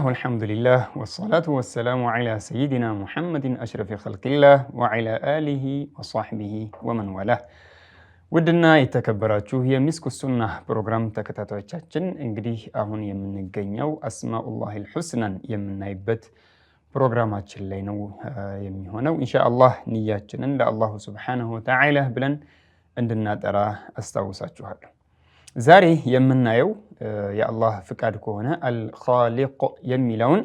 لله والحمد لله والصلاة والسلام على سيدنا محمد أشرف خلق الله وعلى آله وصحبه ومن والاه ودنا يتكبراتو هي مسك السنة بروغرام تكتاتو اتشاتشن انجديه اهون يمن الجنيو اسماء الله الحسنى يمن نايبت بروغرامات اللي نو يمن وان شاء الله نياتشن لا الله سبحانه وتعالى بلن عندنا ترى استوساتشو هذا ዛሬ የምናየው የአላህ ፍቃድ ከሆነ አልኻሊቅ የሚለውን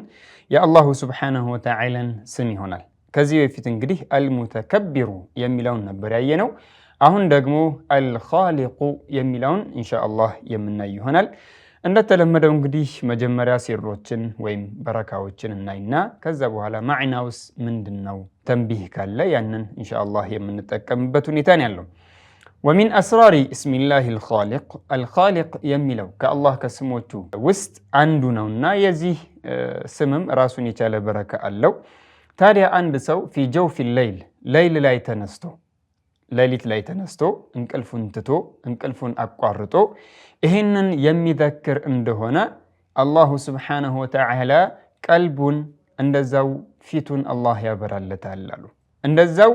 የአላሁ ስብሓነሁ ወተዓላን ስም ይሆናል። ከዚህ በፊት እንግዲህ አልሙተከቢሩ የሚለውን ነበር ያየነው። አሁን ደግሞ አልኻሊቁ የሚለውን ኢንሻአላህ የምናይ ይሆናል። እንደተለመደው እንግዲህ መጀመሪያ ሲሮችን ወይም በረካዎችን እናይና ከዛ በኋላ ማዕናውስ ምንድን ነው ተንቢህ ካለ ያንን ኢንሻአላህ የምንጠቀምበት ሁኔታን ያለው ወሚን አስራሪ እስሚላህ አልኻሊቅ አልኻሊቅ የሚለው ከአላህ ከስሞቹ ውስጥ አንዱ ነውና የዚህ ስምም ራሱን የቻለ በረካ አለው። ታዲያ አንድ ሰው ፊ ጀውፊ ሌይል ሌይል ላይ ተነስቶ ሌሊት ላይ ተነስቶ እንቅልፉን ትቶ እንቅልፉን አቋርጦ ይህንን የሚዘክር እንደሆነ አላሁ ስብሓነሁ ወተዓላ ቀልቡን እንደዛው ፊቱን አላህ ያበራለታል አሉ። እንደዛው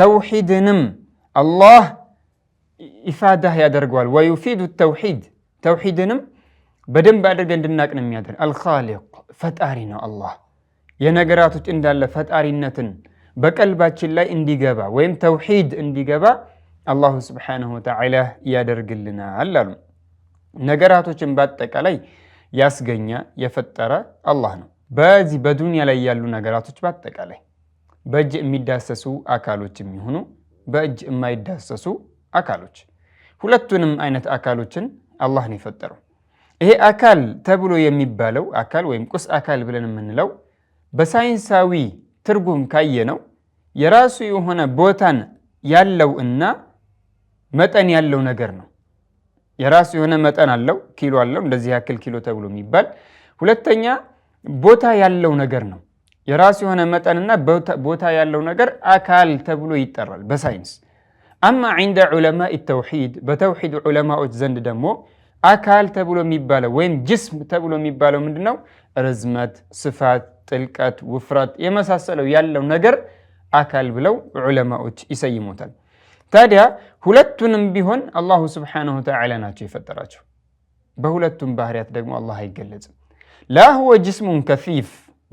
ተውሒድንም አላህ ኢፋዳህ ያደርገዋል። ወዩፊዱ ተውሒድ ተውሒድንም በደንብ አድርገን እንድናቅን የሚያደርግ አልኻሊቅ ፈጣሪ ነው። አላህ የነገራቶች እንዳለ ፈጣሪነትን በቀልባችን ላይ እንዲገባ ወይም ተውሒድ እንዲገባ አላሁ ስብሓነሁ ወተዓላ ያደርግልናል አሉ። ነገራቶችን በአጠቃላይ ያስገኛ የፈጠረ አላህ ነው። በዚህ በዱንያ ላይ ያሉ ነገራቶች በአጠቃላይ በእጅ የሚዳሰሱ አካሎች የሚሆኑ በእጅ የማይዳሰሱ አካሎች ሁለቱንም አይነት አካሎችን አላህ ነው የፈጠረው። ይሄ አካል ተብሎ የሚባለው አካል ወይም ቁስ አካል ብለን የምንለው በሳይንሳዊ ትርጉም ካየነው የራሱ የሆነ ቦታን ያለው እና መጠን ያለው ነገር ነው። የራሱ የሆነ መጠን አለው፣ ኪሎ አለው፣ እንደዚህ ያክል ኪሎ ተብሎ የሚባል ሁለተኛ ቦታ ያለው ነገር ነው። የራሱ የሆነ መጠንና ቦታ ያለው ነገር አካል ተብሎ ይጠራል በሳይንስ አማ ዒንደ ዑለማኢ ተውሒድ በተውሒድ ዑለማዎች ዘንድ ደግሞ አካል ተብሎ የሚባለው ወይም ጅስም ተብሎ የሚባለው ምንድን ነው? ርዝመት፣ ስፋት፣ ጥልቀት፣ ውፍረት የመሳሰለው ያለው ነገር አካል ብለው ዑለማዎች ይሰይሙታል። ታዲያ ሁለቱንም ቢሆን አላሁ ስብሓነሁ ወተዓላ ናቸው የፈጠራቸው። በሁለቱም ባህርያት ደግሞ አላህ አይገለጽም። ላ ሁወ ጅስሙን ከፊፍ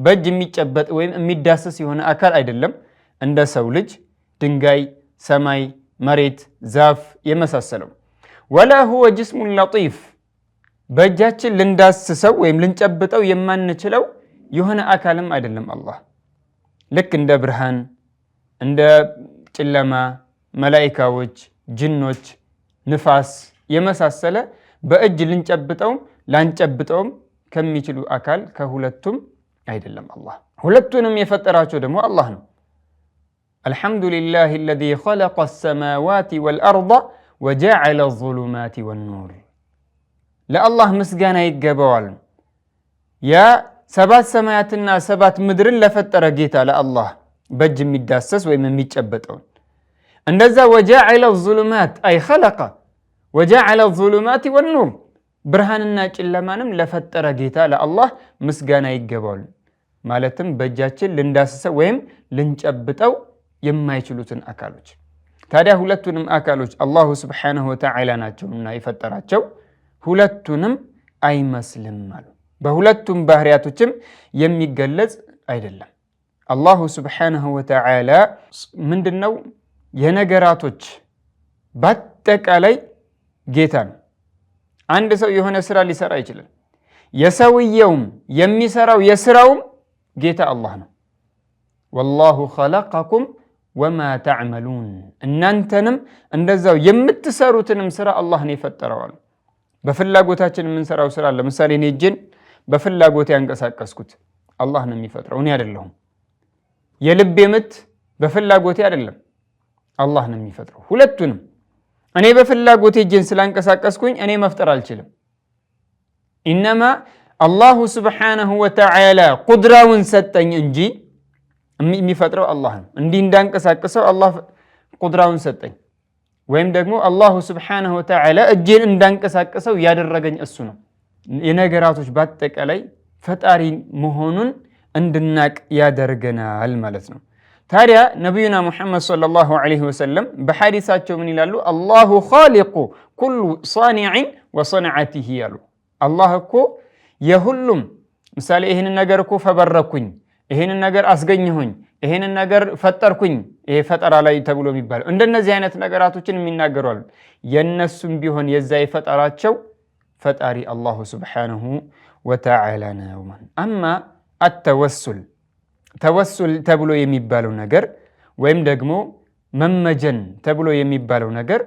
በእጅ የሚጨበጥ ወይም የሚዳሰስ የሆነ አካል አይደለም። እንደ ሰው ልጅ ድንጋይ፣ ሰማይ መሬት፣ ዛፍ የመሳሰለው ወላ ሁወ ጅስሙን ለጢፍ በእጃችን ልንዳስሰው ወይም ልንጨብጠው የማንችለው የሆነ አካልም አይደለም። አላህ ልክ እንደ ብርሃን፣ እንደ ጨለማ፣ መላኢካዎች፣ ጅኖች፣ ንፋስ የመሳሰለ በእጅ ልንጨብጠውም ላንጨብጠውም ከሚችሉ አካል ከሁለቱም አይደለም አላህ። ሁለቱንም የፈጠራቸው ደግሞ አላህ ነው። አልሐምዱሊላህ አለዚ ኸለቀ አሰማዋት ወልአርድ ወጀዐለ አዙሉማት ወኑር። ለአላህ ምስጋና ይገባዋል። ያ ሰባት ሰማያትና ሰባት ምድርን ለፈጠረ ጌታ ለአላህ በእጅ የሚዳሰስ ወይም የሚጨበጠውን እንደዛ ወጀዐለ ዙሉማት አይ ኸለቀ ወጀዐለ ዙሉማት ወኑር ብርሃንና ጨለማንም ለፈጠረ ጌታ ለአላህ ምስጋና ይገባዋል። ማለትም በእጃችን ልንዳስሰው ወይም ልንጨብጠው የማይችሉትን አካሎች ታዲያ ሁለቱንም አካሎች አላሁ ስብሓነሁ ወተዓላ ናቸውና የፈጠራቸው ሁለቱንም አይመስልም አሉ። በሁለቱም ባህሪያቶችም የሚገለጽ አይደለም። አላሁ ስብሓነሁ ወተዓላ ምንድን ነው? የነገራቶች በአጠቃላይ ጌታ ነው። አንድ ሰው የሆነ ስራ ሊሰራ ይችላል። የሰውየውም የሚሰራው የስራውም ጌታ አላህ ነው። ወላሁ ኸለቀኩም ወማ ተዕመሉን እናንተንም እንደዛው የምትሰሩትንም ስራ አላህ ነው የፈጠረዋል። በፍላጎታችን የምንሰራው ስራ ለምሳሌ እኔ እጄን በፍላጎት ያንቀሳቀስኩት አላህ ነው የሚፈጥረው፣ እኔ አይደለሁም። የልቤ ምት በፍላጎቴ አይደለም፣ አላህ ነው የሚፈጥረው። ሁለቱንም እኔ በፍላጎቴ እጄን ስላንቀሳቀስኩኝ እኔ መፍጠር አልችልም። ኢነማ አላሁ ስብሓነሁ ወተዓላ ቁድራውን ሰጠኝ እንጂ የሚፈጥረው አላህ ነው። እንዲህ እንዳንቀሳቀሰው አላህ ቁድራውን ሰጠኝ፣ ወይም ደግሞ አላሁ ስብሓነሁ ወተዓላ እጄን እንዳንቀሳቀሰው ያደረገኝ እሱ ነው። የነገራቶች በአጠቃላይ ፈጣሪ መሆኑን እንድናቅ ያደርገናል ማለት ነው። ታዲያ ነቢዩና ሙሐመድ ሰለላሁ ዐለይሂ ወሰለም በሐዲሳቸው ምን ይላሉ? አላሁ ኻሊቁ ኩሉ ሳኒዕን ወሰንዓቲሂ ያሉ አላህ እኮ የሁሉም ምሳሌ ይህንን ነገር እኮ ፈበረኩኝ ይሄንን ነገር አስገኘሁኝ፣ ይሄንን ነገር ፈጠርኩኝ። ይሄ ፈጠራ ላይ ተብሎ የሚባለው እንደነዚህ አይነት ነገራቶችን የሚናገሩ አሉ። የእነሱም ቢሆን የዛ የፈጠራቸው ፈጣሪ አላሁ ስብሓነሁ ወተዓላ ነው። አማ አተወሱል ተወሱል ተብሎ የሚባለው ነገር ወይም ደግሞ መመጀን ተብሎ የሚባለው ነገር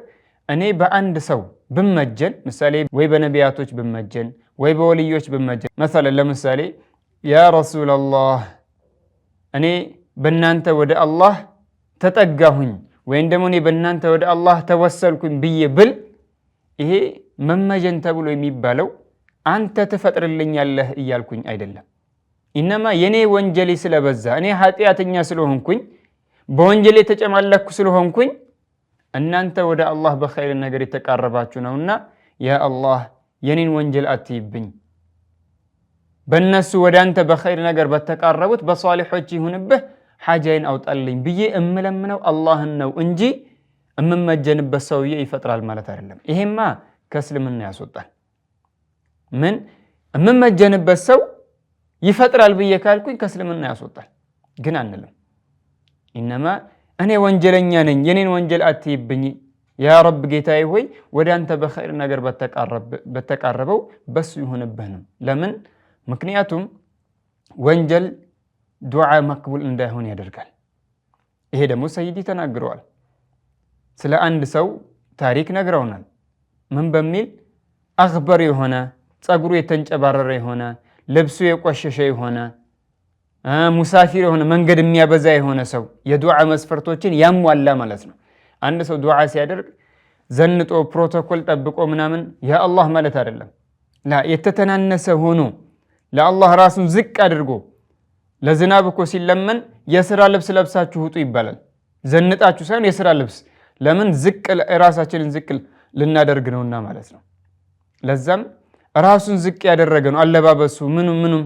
እኔ በአንድ ሰው ብመጀን፣ ምሳሌ ወይ በነቢያቶች ብመጀን፣ ወይ በወልዮች ብመጀን መሰለን ለምሳሌ ያ ላህ እኔ በእናንተ ወደ አላህ ተጠጋሁኝ ወይም ደግሞ እኔ በእናንተ ወደ አላህ ተወሰልኩኝ ብዬ ብል ይሄ መመጀን ተብሎ የሚባለው አንተ ትፈጥርልኛለህ እያልኩኝ አይደለም። ኢነማ የእኔ ወንጀሌ ስለበዛ እኔ ኃጢአተኛ ስለሆንኩኝ በወንጀሌ የተጨማለኩ ስለሆንኩኝ እናንተ ወደ አላህ በኸይር ነገር የተቃረባችሁ ነውና ያ አላህ የኔን ወንጀል አትይብኝ በእነሱ ወደ አንተ በኸይር ነገር በተቃረቡት በሷሊሖች ይሁንብህ ሓጃይን አውጣልኝ ብዬ እምለምነው አላህን ነው እንጂ እምመጀንበት ሰውዬ ይፈጥራል ማለት አይደለም። ይሄማ ከእስልምና ያስወጣል። ምን እምመጀንበት ሰው ይፈጥራል ብዬ ካልኩኝ ከእስልምና ያስወጣል። ግን አንልም። ኢነማ እኔ ወንጀለኛ ነኝ፣ የኔን ወንጀል አትይብኝ ያ ረብ ጌታዬ ሆይ ወደ አንተ በኸይር ነገር በተቃረበው በሱ ይሁንብህ ነው። ለምን ምክንያቱም ወንጀል ዱዓ መቅቡል እንዳይሆን ያደርጋል። ይሄ ደግሞ ሰይዲ ተናግረዋል። ስለ አንድ ሰው ታሪክ ነግረውናል። ምን በሚል አክበር የሆነ ጸጉሩ የተንጨባረረ የሆነ ልብሱ የቆሸሸ የሆነ ሙሳፊር የሆነ መንገድ የሚያበዛ የሆነ ሰው የዱዓ መስፈርቶችን ያሟላ ማለት ነው። አንድ ሰው ዱዓ ሲያደርግ ዘንጦ ፕሮቶኮል ጠብቆ ምናምን ያ አላህ ማለት አይደለም። ላ የተተናነሰ ሆኖ ለአላህ ራሱን ዝቅ አድርጎ ለዝናብ እኮ ሲለመን የስራ ልብስ ለብሳችሁ ውጡ ይባላል። ዘንጣችሁ ሳይሆን የስራ ልብስ ለምን ዝቅ ራሳችንን ዝቅ ልናደርግ ነውና ማለት ነው። ለዛም ራሱን ዝቅ ያደረገ ነው አለባበሱ፣ ምኑም ምኑም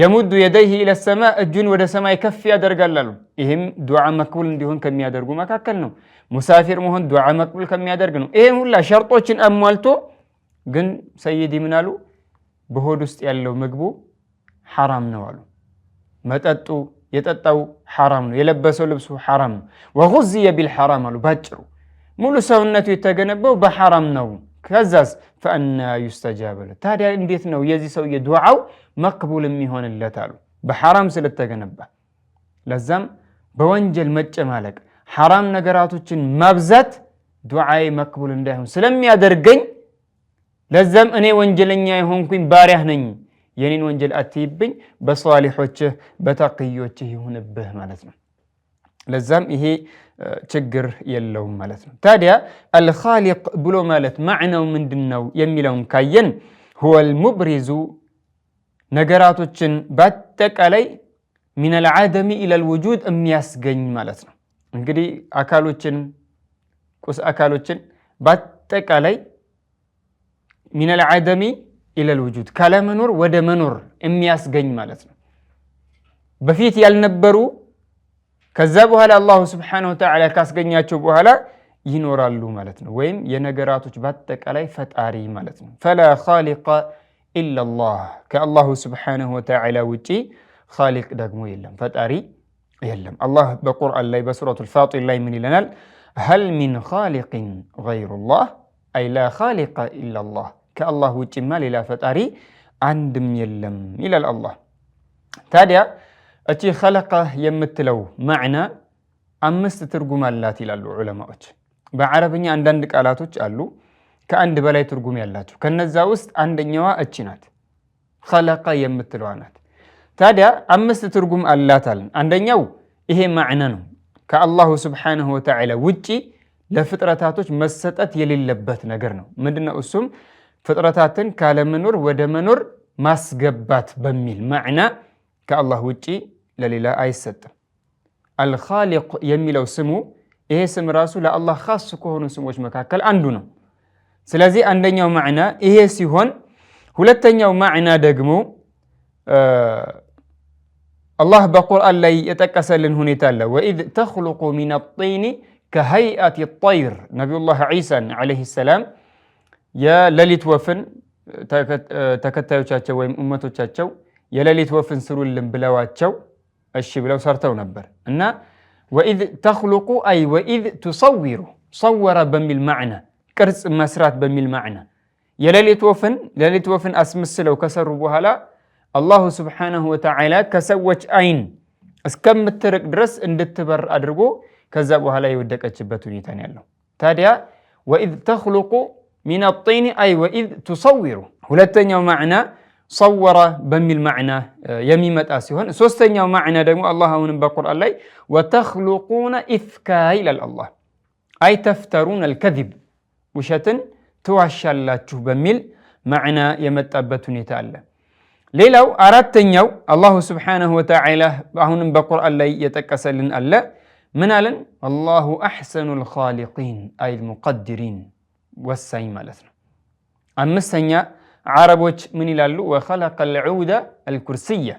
የሙዱ የደይህ ኢለሰማ እጁን ወደ ሰማይ ከፍ ያደርጋል ያደርጋላሉ። ይህም ዱዓ መቅቡል እንዲሆን ከሚያደርጉ መካከል ነው። ሙሳፊር መሆን ዱዓ መቅቡል ከሚያደርግ ነው። ይህም ሁላ ሸርጦችን አሟልቶ ግን ሰይድ ይምናሉ በሆድ ውስጥ ያለው ምግቡ ሐራም ነው አሉ። መጠጡ የጠጣው ሐራም ነው። የለበሰው ልብሱ ሐራም ነው። ወጉዝየ ቢልሐራም አሉ። ባጭሩ ሙሉ ሰውነቱ የተገነባው በሐራም ነው። ከዛስ ፈእና ዩስተጃበ ታዲያ እንዴት ነው የዚህ ሰውዬ ዱዓው መቅቡል የሚሆንለት አሉ። በሐራም ስለተገነባ። ለዛም በወንጀል መጨማለቅ ሐራም ነገራቶችን ማብዛት ዱዓዬ መቅቡል እንዳይሆን ስለሚያደርገኝ ለዛም እኔ ወንጀለኛ የሆንኩኝ ባሪያህ ነኝ፣ የኔን ወንጀል አትይብኝ፣ በሷሊሖችህ በታቅዮችህ ይሁንብህ ማለት ነው። ለዛም ይሄ ችግር የለውም ማለት ነው። ታዲያ አልኻሊቅ ብሎ ማለት ማዕናው ምንድን ነው የሚለውን ካየን ሁወል ሙብሪዙ ነገራቶችን በአጠቃላይ ሚነል ዓደሚ ኢለል ውጁድ የሚያስገኝ ማለት ነው። እንግዲህ አካሎችን ቁስ አካሎችን በአጠቃላይ ሚነል አደሚ ኢለል ውጁድ ካለመኖር ወደ መኖር የሚያስገኝ ማለት ነው። በፊት ያልነበሩ ከዛ በኋላ አላሁ ስብሓነሁ ወተዓላ ካስገኛቸው በኋላ ይኖራሉ ማለት ነው። ወይም የነገራቶች በአጠቃላይ ፈጣሪ ማለት ነው። ፈላ ኻሊቀ ኢለላህ ከአላሁ ስብሓነሁ ወተዓላ ውጪ ኻሊቅ ደግሞ የለም፣ ፈጣሪ የለም። አላህ በቁርአን ላይ በሱረቱል ፋጢር ላይ ምን ይለናል? ሀል ሚን ኻሊቅን ገይሩላህ አይ ላ ኻሊቀ ኢለላህ ከአላህ ውጭማ ሌላ ፈጣሪ አንድም የለም ይላል አላህ። ታዲያ እቺ ኸለቀ የምትለው ማዕና አምስት ትርጉም አላት ይላሉ ዑለማዎች። በዓረብኛ አንዳንድ ቃላቶች አሉ ከአንድ በላይ ትርጉም ያላቸው። ከነዛ ውስጥ አንደኛዋ እቺ ናት፣ ኸለቀ የምትለዋ ናት። ታዲያ አምስት ትርጉም አላታል። አንደኛው ይሄ ማዕና ነው፣ ከአላሁ ስብሓነሁ ወተዓላ ውጪ ለፍጥረታቶች መሰጠት የሌለበት ነገር ነው። ምንድነው እሱም ፍጥረታትን ካለመኖር ወደ መኖር ማስገባት በሚል ማዕና ከአላህ ውጪ ለሌላ አይሰጥም። አልኻሊቅ የሚለው ስሙ ይሄ ስም ራሱ ለአላህ ካስ ከሆኑ ስሞች መካከል አንዱ ነው። ስለዚህ አንደኛው ማዕና ይሄ ሲሆን፣ ሁለተኛው ማዕና ደግሞ አላህ በቁርአን ላይ የጠቀሰልን ሁኔታ አለ። ወኢዝ ተኽሉቁ ሚነ ጢኒ ከሀይአት ጠይር ነቢዩላህ ዒሳን ዓለይሂ ሰላም የሌሊት ወፍን ተከታዮቻቸው ወይም እመቶቻቸው የሌሊት ወፍን ስሩልን ብለዋቸው እሺ ብለው ሰርተው ነበር እና ወኢዝ ተኽሉቁ አይ ወኢዝ ቱሰዊሩ ሰወረ በሚል ማዕና ቅርጽ መስራት በሚል ማዕና የሌሊት ወፍን ሌሊት ወፍን አስመስለው ከሰሩ በኋላ አላሁ ስብሓነሁ ወተዓላ ከሰዎች አይን እስከምትርቅ ድረስ እንድትበር አድርጎ ከዛ በኋላ የወደቀችበት ሁኔታ ነው ያለው። ታዲያ ወኢዝ ተኽሉቁ ሚን ጢኒ አይ ወኢዝ ቱሰዊሩ ሁለተኛው ማዕና ሰወረ በሚል ማዕና የሚመጣ ሲሆን ሶስተኛው ማዕና ደግሞ አላህ አሁንም በቁርአን ላይ ወተኽሉቁነ ኢፍካ ይላል አላህ አይ ተፍተሩን አልከዚብ ውሸትን ትዋሻላችሁ በሚል ማዕና የመጣበት ሁኔታ አለ። ሌላው አራተኛው አላሁ ስብሓነሁ ወተዓላ አሁንም በቁርአን ላይ የጠቀሰልን አለ። ምን አለን? አላሁ አሕሰኑ አልኻሊቂን አይ አልሙቀድሪን ወሳኝ ማለት ነው። አምስተኛ ዓረቦች ምን ይላሉ? ወኸለቀ ልዑደ አልኩርስያ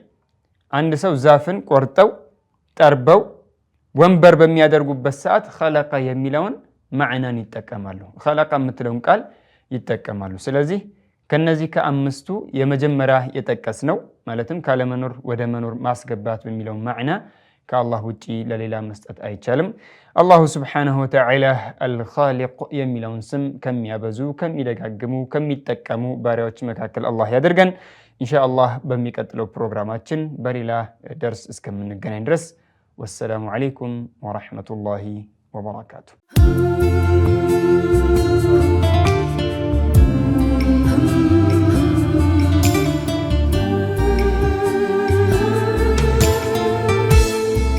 አንድ ሰው ዛፍን ቆርጠው ጠርበው ወንበር በሚያደርጉበት ሰዓት ኸለቀ የሚለውን ማዕናን ይጠቀማሉ። ኸለቀ የምትለውን ቃል ይጠቀማሉ። ስለዚህ ከነዚህ ከአምስቱ የመጀመሪያ የጠቀስ ነው ማለትም ካለመኖር ወደ መኖር ማስገባት በሚለው ማዕና ከአላህ ውጪ ለሌላ መስጠት አይቻልም። አላሁ ስብሓነሁ ወተዓላ አልኻሊቅ የሚለውን ስም ከሚያበዙ ከሚደጋግሙ፣ ከሚጠቀሙ ባሪያዎች መካከል አላህ ያደርገን። ኢንሻአላህ በሚቀጥለው ፕሮግራማችን በሌላ ደርስ እስከምንገናኝ ድረስ ወሰላሙ ዓለይኩም ወረሕመቱላሂ ወበረካቱ።